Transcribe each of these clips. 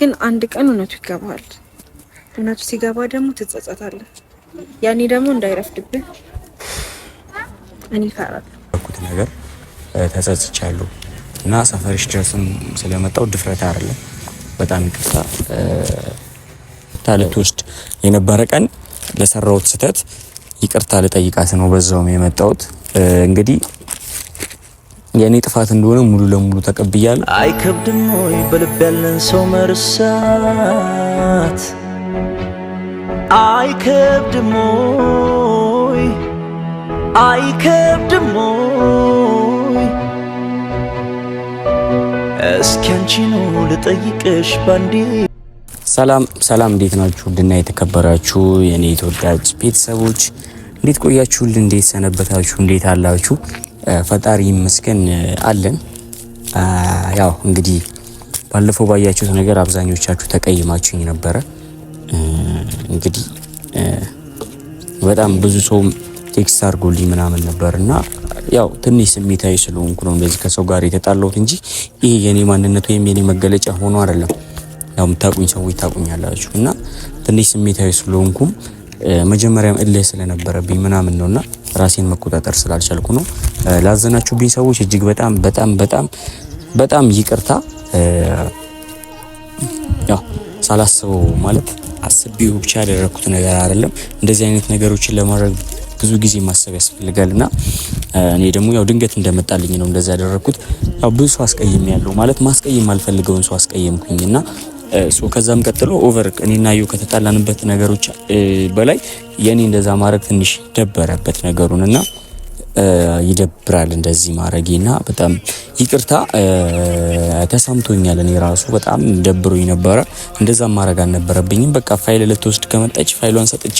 ግን አንድ ቀን እውነቱ ይገባል። እውነቱ ሲገባ ደግሞ ትጸጸታለህ። ያኔ ደግሞ እንዳይረፍድብህ እኔ እፈራለሁ። ያልኩት ነገር ተጸጽቻለሁ እና ሰፈርሽ ድረስም ስለመጣው ድፍረት አይደለም። በጣም ይቅርታ ታለት ውስጥ የነበረ ቀን ለሰራሁት ስህተት ይቅርታ ልጠይቃት ነው በዛውም የመጣሁት እንግዲህ የእኔ ጥፋት እንደሆነ ሙሉ ለሙሉ ተቀብያለሁ። አይከብድም ወይ በልብ ያለን ሰው መርሳት? አይከብድም ወይ አይከብድም ወይ? እስኪ ነው ልጠይቅሽ ባንዴ። ሰላም ሰላም፣ እንዴት ናችሁ? ውድና የተከበራችሁ የኔ ኢትዮጵያ ቤተሰቦች እንዴት ቆያችሁልን እንዴት ሰነበታችሁ? እንዴት አላችሁ? ፈጣሪ ይመስገን አለን። ያው እንግዲህ ባለፈው ባያችሁት ነገር አብዛኞቻችሁ ተቀይማችሁኝ ነበረ። እንግዲህ በጣም ብዙ ሰው ቴክስት አድርጎልኝ ምናምን ነበር እና ያው ትንሽ ስሜታዊ ስለሆንኩ ነው እንደዚህ ከሰው ጋር የተጣላሁት እንጂ ይሄ የኔ ማንነት ወይም የኔ መገለጫ ሆኖ አይደለም። ያው የምታቁኝ ሰዎች ታቁኛላችሁ እና ትንሽ ስሜታዊ ስለሆንኩም መጀመሪያም እልህ ስለነበረብኝ ምናምን ነው እና ራሴን መቆጣጠር ስላልቻልኩ ነው። ላዘናችሁብኝ ሰዎች እጅግ በጣም በጣም በጣም በጣም ይቅርታ። ያው ሳላስበው ማለት አስቤው ብቻ ያደረኩት ነገር አይደለም። እንደዚህ አይነት ነገሮችን ለማድረግ ብዙ ጊዜ ማሰብ ያስፈልጋል እና እኔ ደግሞ ያው ድንገት እንደመጣልኝ ነው እንደዚህ ያደረኩት። ያው ብዙ ሰው አስቀይም ያለው ማለት ማስቀይም አልፈልገውን ሰው አስቀየምኩኝ እና ሶ ከዛም ቀጥሎ ኦቨር እኔና ዩ ከተጣላንበት ነገሮች በላይ የኔ እንደዛ ማድረግ ትንሽ ደበረበት ነገሩን እና ይደብራል እንደዚህ ማድረጌና በጣም ይቅርታ ተሰምቶኛል። እኔ ራሱ በጣም ደብሮኝ ነበረ። እንደዛ ማድረግ አልነበረብኝም። በቃ ፋይል ልትወስድ ከመጣች ፋይሏን ሰጥቼ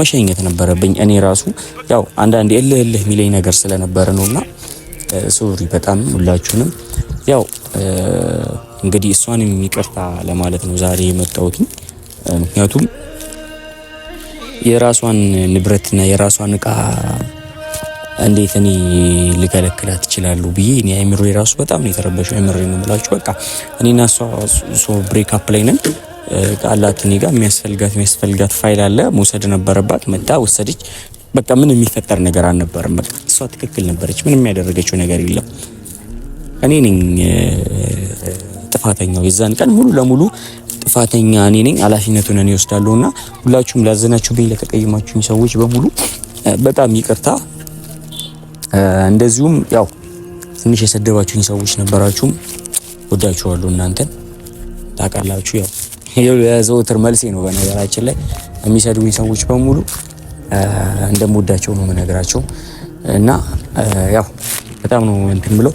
መሸኘት ነበረብኝ። እኔ ራሱ ያው አንዳንድ እልህ እልህ የሚለኝ ነገር ስለነበረ ነውና ሶሪ በጣም ሁላችሁንም። ያው እንግዲህ እሷንም ይቅርታ ለማለት ነው ዛሬ የመጣሁት ምክንያቱም የራሷን ንብረትና የራሷን እቃ እንዴት እኔ ልከለክላት ይችላሉ ብዬ እኔ አይምሮ የራሱ በጣም ነው የተረበሸው። አይምሮ ነው የምላችሁ። በቃ እኔና እሷ አፕ ላይ ነን። ቃላት እኔ ጋር የሚያስፈልጋት የሚያስፈልጋት ፋይል አለ መውሰድ ነበረባት። መጣ ወሰደች። በቃ ምን የሚፈጠር ነገር አልነበረም። በቃ እሷ ትክክል ነበረች። ምንም ያደረገችው ነገር የለም። እኔ ነኝ ጥፋተኛው። የዛን ቀን ሙሉ ለሙሉ ጥፋተኛ እኔ ነኝ። ኃላፊነቱን እኔ እወስዳለሁ እና ሁላችሁም ላዘናችሁብኝ፣ ለተቀየማችሁኝ ሰዎች በሙሉ በጣም ይቅርታ እንደዚሁም ያው ትንሽ የሰደባችሁኝ ሰዎች ነበራችሁም፣ ወዳችኋለሁ። እናንተን ታውቃላችሁ። ያው የዘወትር መልሴ ነው። በነገራችን ላይ የሚሰድቡኝ ሰዎች በሙሉ እንደምወዳቸው ነው የምነግራቸው እና ያው በጣም ነው እንትን ብለው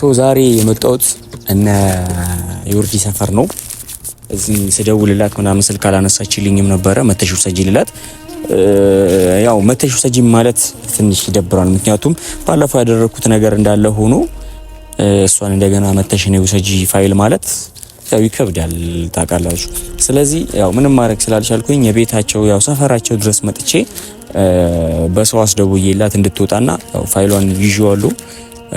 ሰው ዛሬ የመጣሁት እነ ዮርዲ ሰፈር ነው። እዚህ ስደውልላት ምናምን ስልክ አላነሳችልኝም ነበረ መተሽ ልላት ያው መተሽ ውሰጂ ማለት ትንሽ ይደብራል። ምክንያቱም ባለፈው ያደረኩት ነገር እንዳለ ሆኖ እሷን እንደገና መተሽ ነው ውሰጂ ፋይል ማለት ያው ይከብዳል ታውቃላችሁ። ስለዚህ ያው ምንም ማድረግ ስላልቻልኩኝ የቤታቸው ያው ሰፈራቸው ድረስ መጥቼ በሰው አስደውዬላት እንድትወጣና ያው ፋይሏን ይዤዋለሁ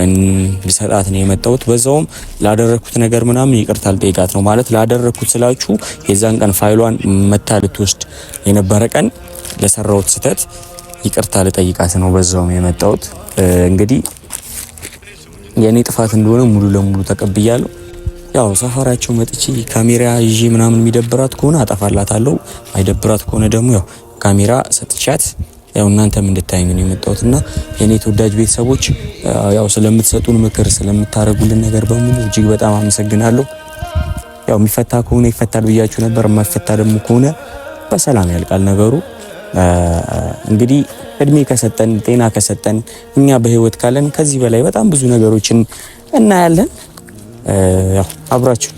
እንዲሰጣት ነው የመጣሁት። በዛውም ላደረግኩት ነገር ምናምን ይቅርታ ልጠይቃት ነው ማለት ላደረግኩት ስላችሁ የዛን ቀን ፋይሏን መታ ልትወስድ የነበረ ቀን ለሰራሁት ስህተት ይቅርታ ልጠይቃት ነው በዛውም የመጣሁት። እንግዲህ የእኔ ጥፋት እንደሆነ ሙሉ ለሙሉ ተቀብያለሁ። ያው ሰፈራቸው መጥቼ ካሜራ ይዤ ምናምን የሚደብራት ከሆነ አጠፋላታለሁ፣ አይደብራት ከሆነ ደግሞ ያው ካሜራ ሰጥቻት ያው እናንተም እንድታዩኝ ነው የመጣሁት እና የኔ ተወዳጅ ቤተሰቦች ያው ስለምትሰጡን ምክር ስለምታደርጉልን ነገር በሙሉ እጅግ በጣም አመሰግናለሁ። ያው የሚፈታ ከሆነ ይፈታል ብያችሁ ነበር። የማይፈታ ደግሞ ከሆነ በሰላም ያልቃል ነገሩ። እንግዲህ እድሜ ከሰጠን ጤና ከሰጠን እኛ በህይወት ካለን ከዚህ በላይ በጣም ብዙ ነገሮችን እናያለን። ያው አብራችሁ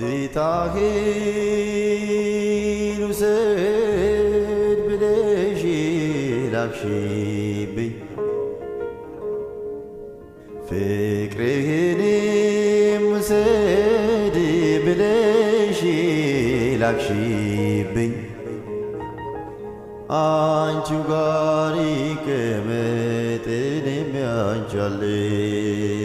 ዝቢታኺን ውሰድ ብለሽ ላክሽብኝ ፍቅርህንም ውሰድ ብለሽ ላክሽብኝ አንቺው ጋር ከመጠን የሚያንቻለኝ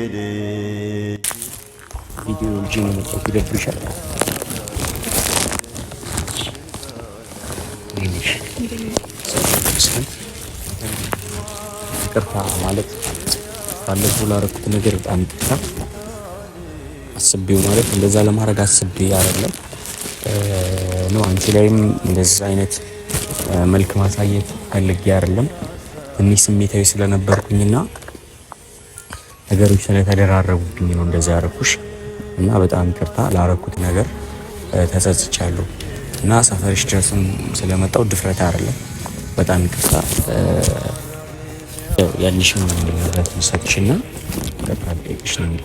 ቪዲዮ እጅ መጫወት ይደብሻል። ቅርታ ማለት ባለፈው ላደረኩት ነገር በጣም ቅርታ አስቤው ማለት እንደዛ ለማድረግ አስቤ አይደለም ነው። አንቺ ላይም እንደዛ አይነት መልክ ማሳየት ፈልጌ አይደለም። እኔ ስሜታዊ ስለነበርኩኝና ነገሮች ስለተደራረቡብኝ ነው እንደዚህ ያረኩሽ እና በጣም ይቅርታ ላረኩት ነገር ተጸጽቻለሁ እና ሰፈርሽ ድረስም ስለመጣው ድፍረት አይደለም። በጣም ይቅርታ ያንሽ ነው ንብረት መሰጥሽ እና ይቅርታ ልጠይቅሽ ነው የሚል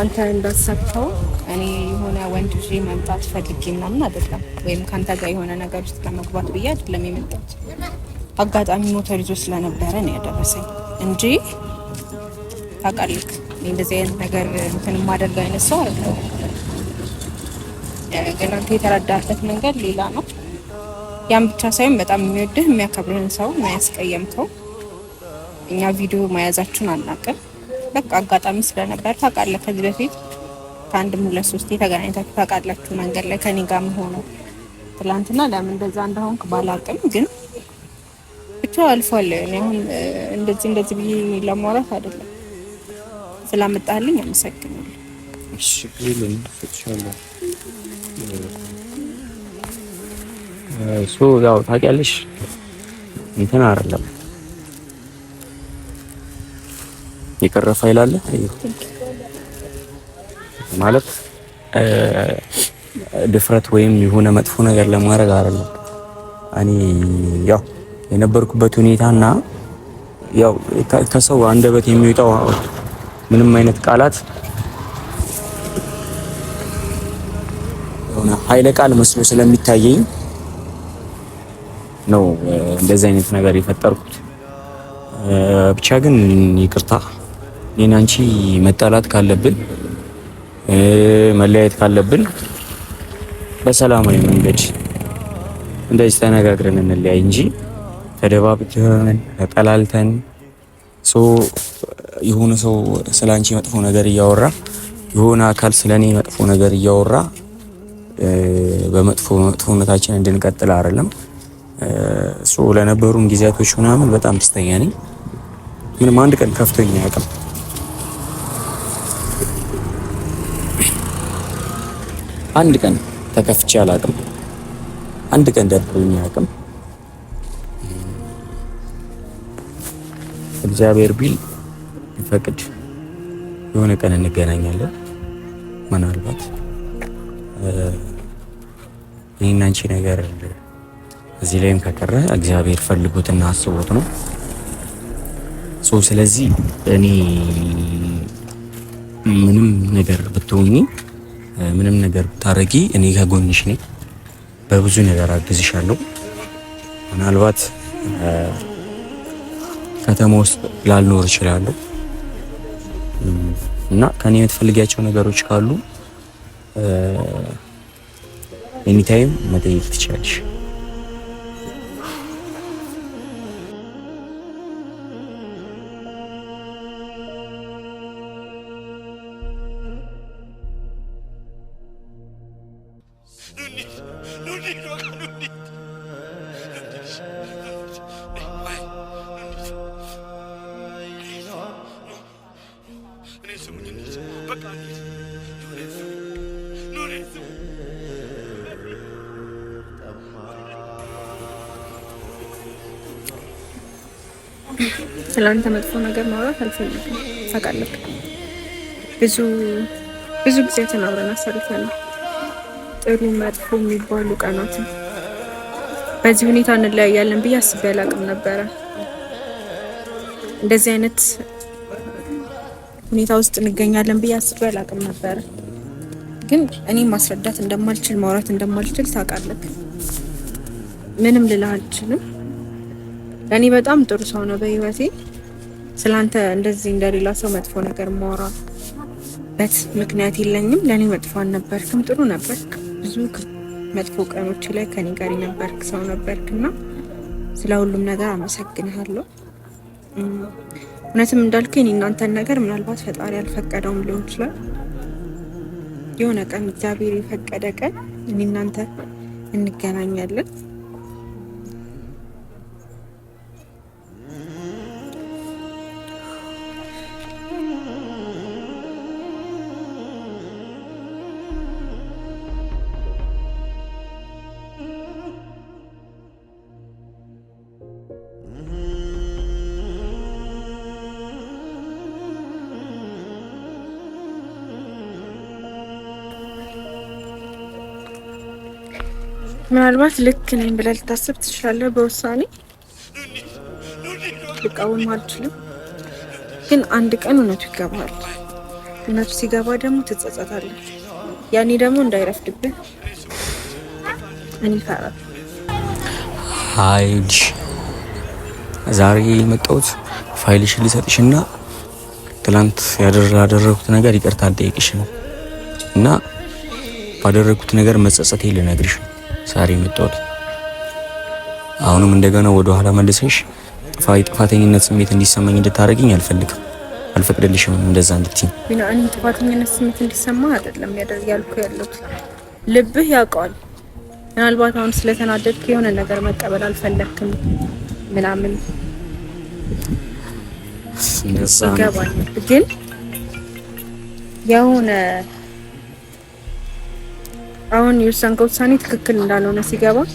አንተ እንዳሰብከው እኔ የሆነ ወንድ ልጅ መምጣት ፈልጌ ምናምን አይደለም፣ ወይም ከአንተ ጋር የሆነ ነገር ውስጥ ለመግባት ብዬ አይደለም የመጣሁት አጋጣሚ ሞተር ይዞ ስለነበረ ነው ያደረሰኝ እንጂ ታውቃለህ፣ እንደዚህ አይነት ነገር እንትን ማደርግ አይነት ሰው አይደለም። ግን አንተ የተረዳህበት መንገድ ሌላ ነው። ያን ብቻ ሳይሆን በጣም የሚወድህ የሚያከብርህን ሰው የማያስቀየምከው እኛ ቪዲዮ መያዛችሁን አናውቅም። በቃ አጋጣሚ ስለነበር ታውቃለህ፣ ከዚህ በፊት ከአንድም ሁለት ሶስት የተገናኝታችሁ ታውቃላችሁ መንገድ ላይ ከኔ ጋር መሆኑ። ትላንትና ለምን እንደዛ እንደሆንክ ባላውቅም ግን ብቻ አልፏል። እኔ አሁን እንደዚህ እንደዚህ ብዬ ለማውራት አይደለም። ስላመጣልኝ አመሰግናለሁ። እሺ ይልን እችላለሁ። እሱ ያው ታውቂያለሽ እንትን አይደለም የቀረ ፋይል አለ ማለት ድፍረት ወይም የሆነ መጥፎ ነገር ለማድረግ አይደለም እኔ ያው የነበርኩበት ሁኔታ እና ያው ከሰው አንደበት የሚወጣው ምንም አይነት ቃላት የሆነ ኃይለ ቃል መስሎ ስለሚታየኝ ነው እንደዚህ አይነት ነገር የፈጠርኩት። ብቻ ግን ይቅርታ እኔን አንቺ መጣላት ካለብን መለያየት ካለብን በሰላማዊ መንገድ እንደዚህ ተነጋግረን እንለያይ እንጂ ተደባብተን ተጠላልተን የሆነ ሰው ስለ አንቺ መጥፎ ነገር እያወራ የሆነ አካል ስለ እኔ መጥፎ ነገር እያወራ በመጥፎ መጥፎነታችን እንድንቀጥል አይደለም። ሶ ለነበሩም ጊዜያቶች ምናምን በጣም ደስተኛ ነኝ። ምንም አንድ ቀን ከፍቶኝ አያውቅም። አንድ ቀን ተከፍቼ አላውቅም። አንድ ቀን ደብሮኝ አያውቅም። እግዚአብሔር ቢል ይፈቅድ የሆነ ቀን እንገናኛለን። ምናልባት ይህን አንቺ ነገር እዚህ ላይም ከቀረ እግዚአብሔር ፈልጎትና አስቦት ነው። ስለዚህ እኔ ምንም ነገር ብትሆኚ ምንም ነገር ብታረጊ እኔ ከጎንሽ ነኝ። በብዙ ነገር አግዝሻለሁ ምናልባት ከተማ ውስጥ ላልኖር እችላለሁ እና ከኔ የምትፈልጊያቸው ነገሮች ካሉ ኤኒታይም መጠየቅ ትችላለሽ። በቃ ስለአንተ መጥፎ ነገር ማውራት አልፈልግም። ታውቃለህ፣ ብዙ ብዙ ጊዜ ተናብረን አሳልፈናል፣ ጥሩ መጥፎ የሚባሉ ቀናትን። በዚህ ሁኔታ እንለያያለን ብዬ አስቤ አላቅም ነበረ እንደዚህ አይነት ሁኔታ ውስጥ እንገኛለን ብዬ አስቤ አላቅም ነበር። ግን እኔ ማስረዳት እንደማልችል ማውራት እንደማልችል ታውቃለህ። ምንም ልልህ አልችልም። ለእኔ በጣም ጥሩ ሰው ነው በህይወቴ። ስለአንተ እንደዚህ እንደሌላ ሰው መጥፎ ነገር ማውራበት ምክንያት የለኝም። ለእኔ መጥፎ አልነበርክም፣ ጥሩ ነበርክ። ብዙ መጥፎ ቀኖች ላይ ከኔ ጋር የነበርክ ሰው ነበርክ እና ስለ ሁሉም ነገር አመሰግንሃለሁ። እውነትም እንዳልከኝ እናንተን ነገር ምናልባት ፈጣሪ አልፈቀደውም ሊሆን ይችላል። የሆነ ቀን እግዚአብሔር የፈቀደ ቀን እኔ እናንተ እንገናኛለን። ምናልባት ልክ ነኝ ብለህ ልታስብ ትችላለህ። በውሳኔ ልቃወም አልችልም፣ ግን አንድ ቀን እውነቱ ይገባሃል። እውነቱ ሲገባ ደግሞ ትጸጸታለህ። ያኔ ደግሞ እንዳይረፍድብህ እኔ ይፈራል። ሀይልሽ ዛሬ የመጣሁት ፋይልሽን ልሰጥሽ እና ትላንት ያደረግኩት ነገር ይቅርታ አልጠየቅሽ ነው እና ባደረግኩት ነገር መጸጸቴ ልነግርሽ ነው ሳሪ መጣሁት። አሁንም እንደገና ወደ ኋላ መልሰሽ ጥፋይ ጥፋተኝነት ስሜት እንዲሰማኝ እንድታደርግኝ አልፈልግም። አልፈቅድልሽም እንደዛ እንድትይ። ቢና እኔ ጥፋተኝነት ስሜት እንዲሰማ አይደለም ያደርግ ያልኩ ያለሁት ልብህ ያውቀዋል። ምናልባት አሁን ስለተናደድክ የሆነ ነገር መቀበል አልፈለግክም ምናምን ይገባል ግን የሆነ አሁን የወሰንከው ውሳኔ ትክክል እንዳልሆነ ሲገባክ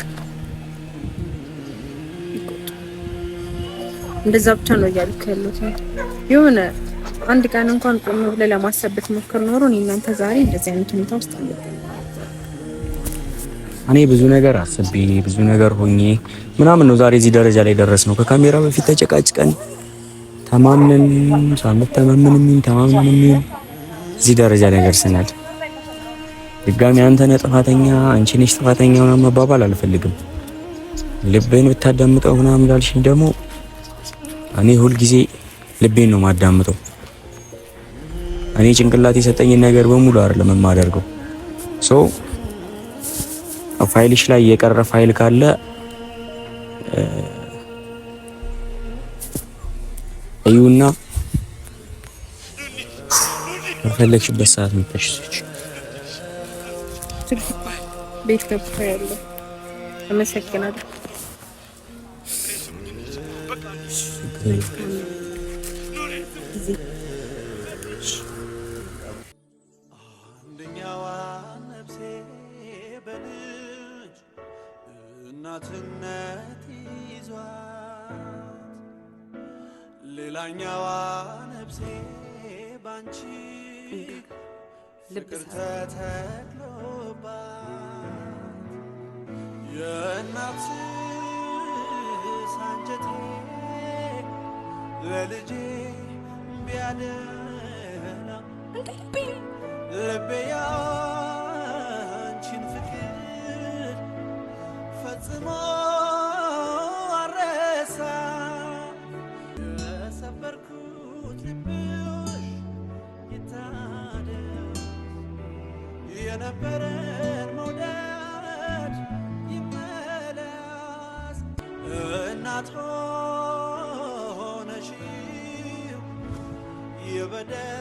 እንደዛ ብቻ ነው እያልኩ ያለሁት። የሆነ አንድ ቀን እንኳን ቆም ብለህ ለማሰበት ሞክር ኖሮ እናንተ ዛሬ እንደዚህ አይነት ሁኔታ ውስጥ አለ። እኔ ብዙ ነገር አስቤ ብዙ ነገር ሆኜ ምናምን ነው ዛሬ እዚህ ደረጃ ላይ ደረስ ነው። ከካሜራ በፊት ተጨቃጭቀን ተማምነን ሳንተማመን ተማምነን እዚህ ደረጃ ላይ ደርሰናል። ድጋሚ አንተ ነህ ጥፋተኛ፣ አንቺ ነሽ ጥፋተኛ ምናምን መባባል አልፈልግም። ልቤን ብታዳምጠው ምናምን እንዳልሽኝ ደግሞ እኔ ሁልጊዜ ልቤን ነው ማዳምጠው። እኔ ጭንቅላት የሰጠኝን ነገር በሙሉ አይደለም የማደርገው። ሶ ፋይልሽ ላይ የቀረ ፋይል ካለ እዩና በፈለግሽበት ሰዓት መተሽ ቤት ገብቶ ያለው። አመሰግናለሁ። አንደኛዋ ነፍሴ በልጅ እናትነት ይዟት ሌላኛዋ ነፍሴ ባንቺ ፍቅር ተተክሎ የእናት ሳንጀቴ ለልጄ ቢያደላ ልቤ ያንቺን ፍቅር ፈጽሞ አረሳ እናት ሆነሽ የበደል